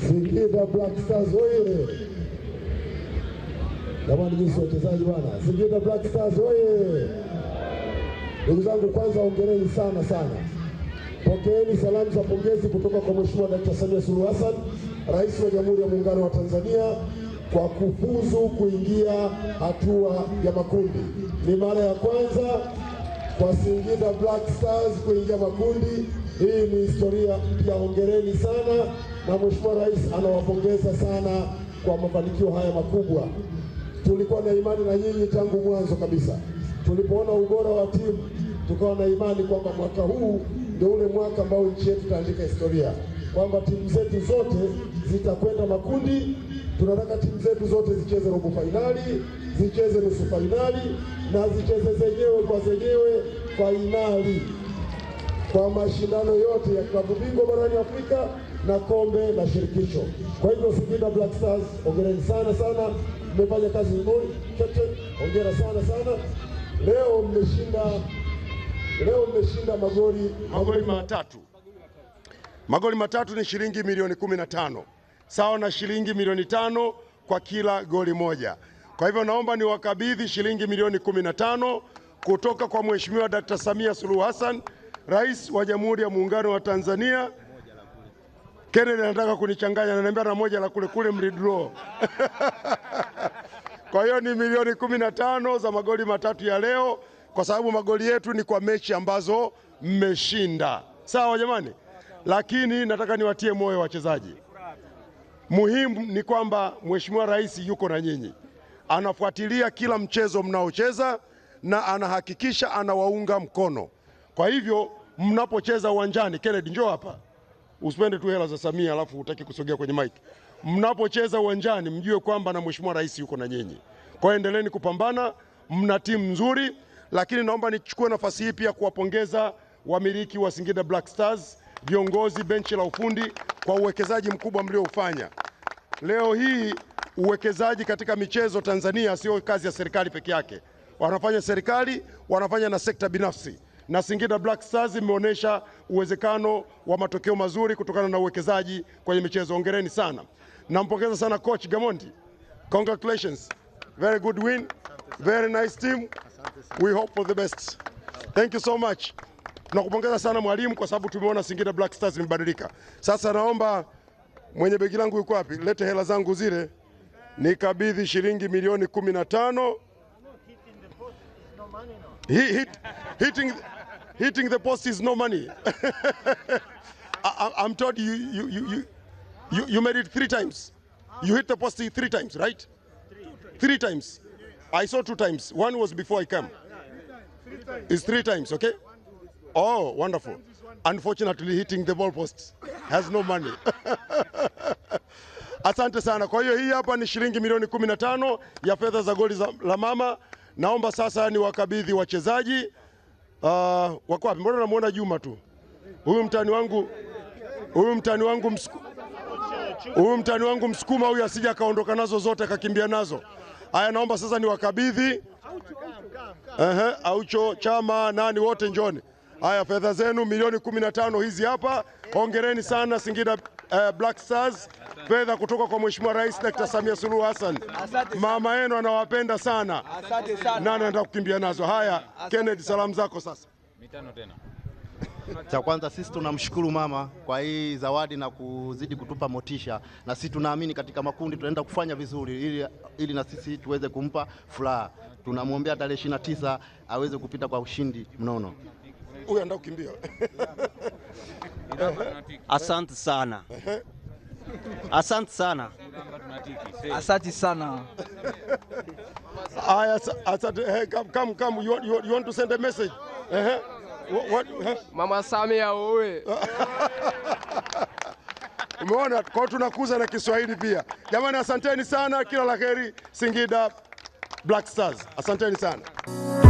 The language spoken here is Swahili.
Singida Black Stars oye! Jamani, jinsi wachezaji bwana! Singida Black Stars oye! Ndugu zangu, kwanza ongereni sana sana, pokeeni salamu za pongezi kutoka kwa Mheshimiwa Dakta Samia Suluhu Hassan, Rais wa Jamhuri ya Muungano wa Tanzania kwa kufuzu kuingia hatua ya makundi. Ni mara ya kwanza kwa Singida Black Stars kuingia makundi. Hii ni historia mpya hongereni sana na Mheshimiwa Rais anawapongeza sana kwa mafanikio haya makubwa. Tulikuwa na imani na nyinyi tangu mwanzo kabisa, tulipoona ubora wa timu tukawa na imani kwamba mwaka huu ndio ule mwaka ambao nchi yetu itaandika historia, kwamba timu zetu zote zitakwenda makundi. Tunataka timu zetu zote zicheze robo fainali, zicheze nusu fainali na zicheze zenyewe kwa zenyewe fainali kwa mashindano yote ya klabu bingwa barani Afrika na kombe la shirikisho. Kwa hivyo Singida Black Stars, hongereni sana sana, mmefanya kazi nzuri. Captain, ongera sana sana, leo mmeshinda, leo mmeshinda magoli magoli matatu, magoli matatu ni shilingi milioni kumi na tano sawa na shilingi milioni tano kwa kila goli moja. Kwa hivyo naomba niwakabidhi shilingi milioni kumi na tano kutoka kwa Mheshimiwa Dkt. Samia Suluhu Hassan, Rais wa Jamhuri ya Muungano wa Tanzania. Kennedy anataka kunichanganya, ananiambia na moja la kule kule mlidraw kwa hiyo ni milioni kumi na tano za magoli matatu ya leo, kwa sababu magoli yetu ni kwa mechi ambazo mmeshinda. Sawa jamani, lakini nataka niwatie moyo wachezaji. Muhimu ni kwamba Mheshimiwa Rais yuko na nyinyi, anafuatilia kila mchezo mnaocheza na anahakikisha anawaunga mkono. Kwa hivyo mnapocheza uwanjani, Kennedy njoo hapa usipende tu hela za Samia alafu utaki kusogea kwenye mike. Mnapocheza uwanjani, mjue kwamba na mheshimiwa rais yuko na nyinyi. Kwa hiyo endeleeni kupambana, mna timu nzuri, lakini naomba nichukue nafasi hii pia kuwapongeza wamiliki wa Singida Black Stars, viongozi, benchi la ufundi kwa uwekezaji mkubwa mlioufanya. Leo hii uwekezaji katika michezo Tanzania sio kazi ya serikali peke yake, wanafanya serikali, wanafanya na sekta binafsi na Singida Black Stars imeonyesha uwezekano wa matokeo mazuri kutokana na uwekezaji kwenye michezo. Hongereni sana, nampongeza sana coach Gamondi. Congratulations, very good win, very nice team, we hope for the best. Thank you so much. Tunakupongeza sana mwalimu, kwa sababu tumeona Singida Black Stars imebadilika. Sasa naomba mwenye begi langu yuko wapi? Lete hela zangu zile nikabidhi shilingi milioni kumi na tano money, no. He, hit, hitting, hitting the post is no money. I, I'm told you, you, you, you, you made it three times. You hit the post three times, right? Three times. I saw two times. One was before I came. It's three times, okay? Oh, wonderful. Unfortunately, hitting the ball post has no money. Asante sana. Kwa hiyo hii hapa ni shilingi milioni 15 ya fedha za goli la mama. Naomba sasa ni wakabidhi wachezaji uh, wako wapi? Mbona namuona Juma tu huyu mtani wangu, huyu mtani wangu msku, huyu mtani wangu msukuma huyu asija akaondoka nazo zote akakimbia nazo. Haya, naomba sasa ni wakabidhi -huh, Aucho Chama nani wote njoni. Haya, fedha zenu milioni kumi na tano hizi hapa. Hongereni sana Singida uh, Black Stars, fedha kutoka kwa Mheshimiwa Rais Dr. Samia Suluhu Hassan. Mama yenu anawapenda sana, nani anataka kukimbia nazo? Haya, Kennedy, salamu zako sasa. Mitano tena. Cha kwanza sisi tunamshukuru mama kwa hii zawadi na kuzidi kutupa motisha, na sisi tunaamini katika makundi tunaenda kufanya vizuri, ili, ili na sisi tuweze kumpa furaha. Tunamwombea tarehe 29 aweze kupita kwa ushindi mnono huyu anataka kukimbia. Asante sana, asante sana, asante sana. Aya, asante. Hey, eh, come, come, come. You, you, you want to send a message? Uh-huh. What, what, huh? Mama Samia owe Umeona, kwa tunakuza na Kiswahili pia. Jamani, asanteni sana, kila la heri Singida Black Stars, asanteni sana.